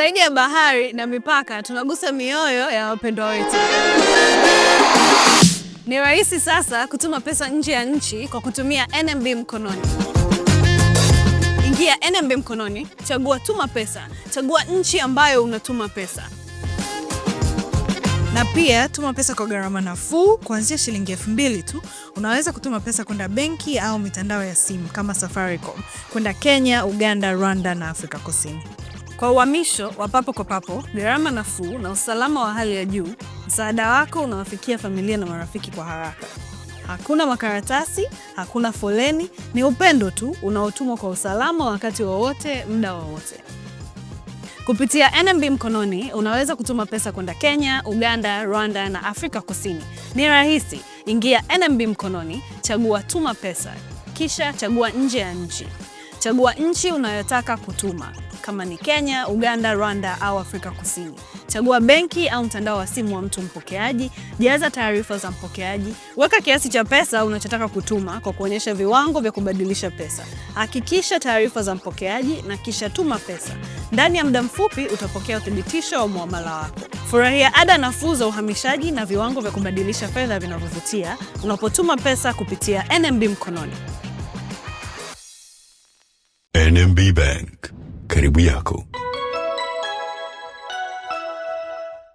Zaidi ya bahari na mipaka, tunagusa mioyo ya wapendwa wetu. Ni rahisi sasa kutuma pesa nje ya nchi kwa kutumia NMB mkononi. Ingia NMB mkononi, chagua tuma pesa, chagua nchi ambayo unatuma pesa, na pia tuma pesa kwa gharama nafuu kuanzia shilingi elfu mbili tu. Unaweza kutuma pesa kwenda benki au mitandao ya simu kama Safaricom, kwenda Kenya, Uganda, Rwanda na Afrika Kusini. Kwa uhamisho wa papo kwa papo, gharama nafuu na usalama wa hali ya juu, msaada wako unawafikia familia na marafiki kwa haraka. Hakuna makaratasi, hakuna foleni, ni upendo tu unaotumwa kwa usalama wakati wowote, muda wowote. Kupitia NMB Mkononi unaweza kutuma pesa kwenda Kenya, Uganda, Rwanda na Afrika Kusini. Ni rahisi. Ingia NMB Mkononi, chagua tuma pesa, kisha chagua nje ya nchi, chagua nchi unayotaka kutuma kama ni Kenya, Uganda, Rwanda au Afrika Kusini. Chagua benki au mtandao wa simu wa mtu mpokeaji. Jaza taarifa za mpokeaji. Weka kiasi cha pesa unachotaka kutuma kwa kuonyesha viwango vya kubadilisha pesa. Hakikisha taarifa za mpokeaji na kisha tuma pesa. Ndani ya muda mfupi utapokea uthibitisho wa muamala wako. Furahia ada nafuu za uhamishaji na viwango vya kubadilisha fedha vinavyovutia unapotuma pesa kupitia NMB mkononi. NMB Bank. Karibu yako.